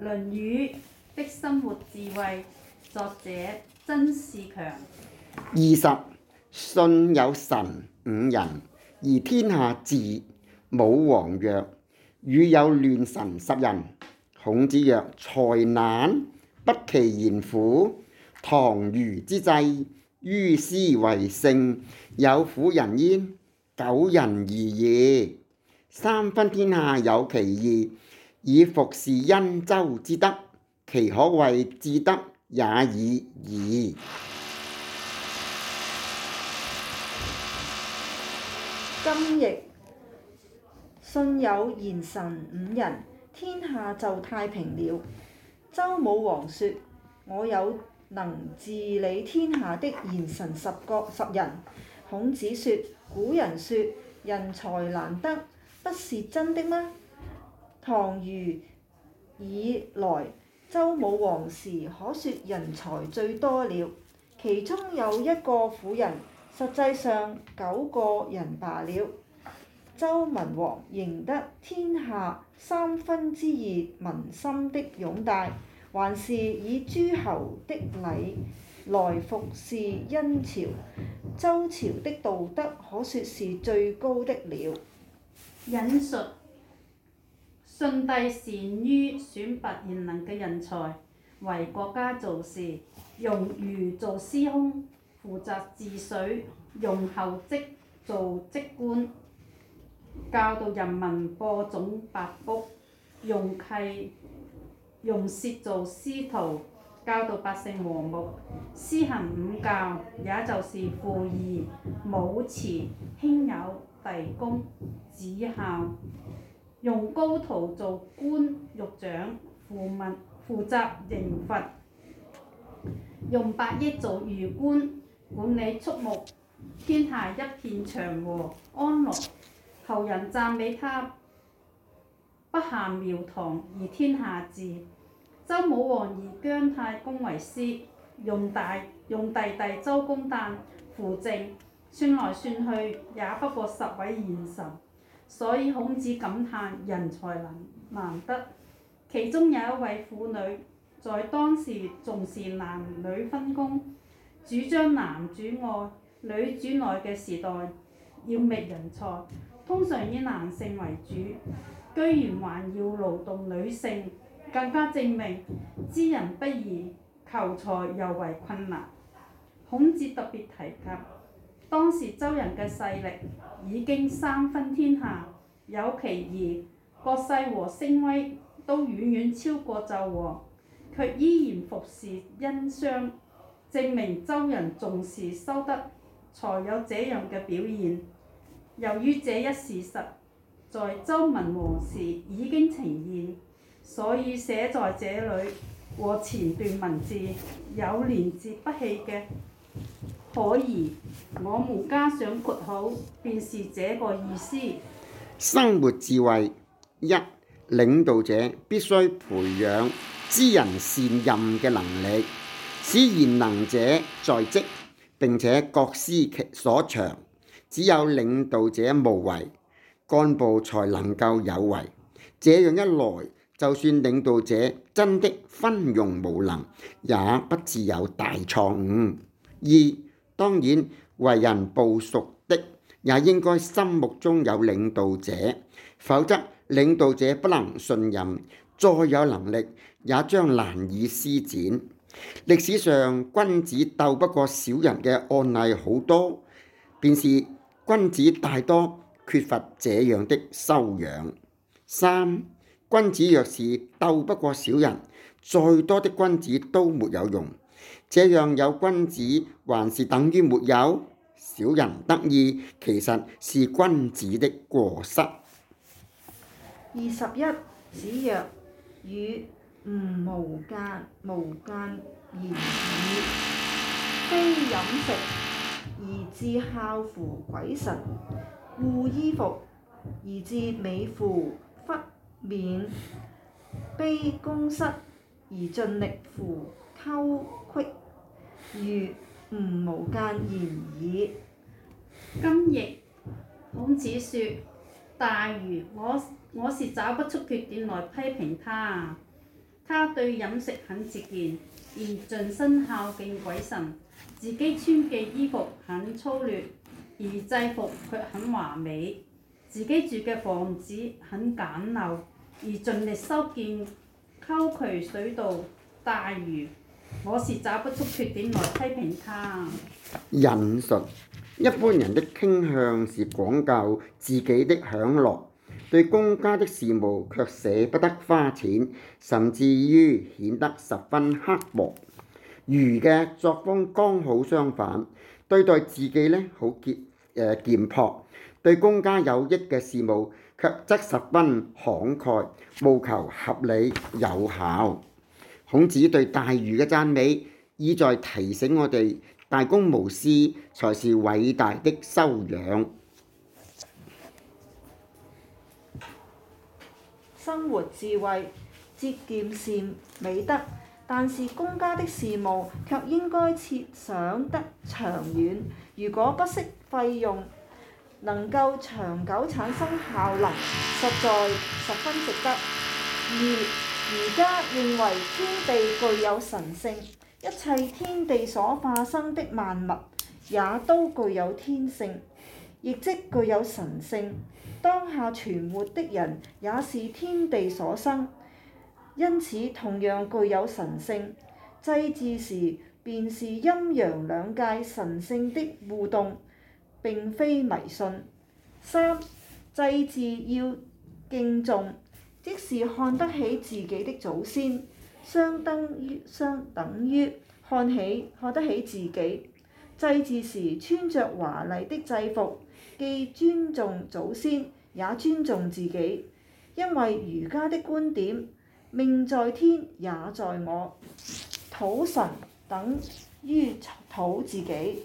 《論語》的生活智慧，作者曾仕強。二十，信有神五人，而天下治。武王曰：與有亂神十人。孔子曰：才難不其言乎？唐儒之際，於斯為盛，有苦人焉，九人而已。三分天下有其二。以服事殷周之德，其可謂至德也已矣。今亦信有賢臣五人，天下就太平了。周武王說：“我有能治理天下的賢臣十個十人。”孔子說：“古人說人才難得，不是真的嗎？”唐虞以來，周武王時可說人才最多了。其中有一個婦人，實際上九個人罷了。周文王贏得天下三分之二民心的擁戴，還是以諸侯的禮來服侍殷朝。周朝的道德可說是最高的了。引述。舜帝善於選拔賢能嘅人才為國家做事，用禹做司空負責治水，用后稷做職官教導人民播種百福；用契用舌做司徒教導百姓和睦，施行五教，也就是父義、母慈、兄友、弟恭、子孝。用高徒做官，獄長負民，負責刑罰；用百億做御官，管理畜牧，天下一片祥和安樂。後人讚美他不下廟堂而天下治。周武王以姜太公為師，用大用弟弟周公旦扶正。算來算去也不過十位賢臣。所以孔子感嘆人才難難得。其中有一位婦女，在當時重視男女分工，主張男主外、女主內嘅時代，要覓人才，通常以男性為主，居然還要勞動女性，更加證明知人不易，求才尤為困難，孔子特別提及。當時周人嘅勢力已經三分天下有其二，國勢和聲威都遠遠超過紂王，卻依然服侍殷商，證明周人重視修德，才有這樣嘅表現。由於這一事實在周文王時已經呈現，所以寫在這裡和前段文字有連接不棄嘅。可以，我們加上括號，便是這個意思。生活智慧一，領導者必須培養知人善任嘅能力，使賢能者在職並且各司其所長。只有領導者無為，幹部才能夠有為。這樣一來，就算領導者真的昏庸無能，也不致有大錯誤。二當然，為人部屬的也應該心目中有領導者，否則領導者不能信任，再有能力也將難以施展。歷史上君子鬥不過小人嘅案例好多，便是君子大多缺乏這樣的修養。三，君子若是鬥不過小人，再多的君子都沒有用。這樣有君子，還是等於沒有小人得意？其實是君子的過失。二十一子曰：與吾無間無間言矣。非飲食而致孝乎？鬼神？故衣服而致美乎？黻冕。卑宮室而盡力乎溝洫？如吾無間然矣。今亦孔子說：大禹，我我是找不出缺點來批評他啊。他對飲食很節儉，而盡心孝敬鬼神；自己穿嘅衣服很粗劣，而祭服卻很華美；自己住嘅房子很簡陋，而盡力修建溝渠水道。大禹。我是找不出缺點來批評他。引述一般人的傾向是講究自己的享樂，對公家的事務卻捨不得花錢，甚至於顯得十分刻薄。禹嘅作風剛好相反，對待自己呢好儉誒、呃、儉樸，對公家有益嘅事務卻則十分慷慨，務求合理有效。孔子對大禹嘅讚美，意在提醒我哋大公無私才是偉大的修養。生活智慧、節儉是美德，但是公家的事務卻應該設想得長遠。如果不惜費用，能夠長久產生效能，實在十分值得。而家認為天地具有神性，一切天地所化生的萬物也都具有天性，亦即具有神性。當下存活的人也是天地所生，因此同樣具有神性。祭祀時，便是陰陽兩界神性的互動，並非迷信。三，祭祀要敬重。即是看得起自己的祖先，相等於相等於看起看得起自己。祭祀時穿着華麗的祭服，既尊重祖先，也尊重自己。因為儒家的觀點，命在天也在我，土神等於土自己。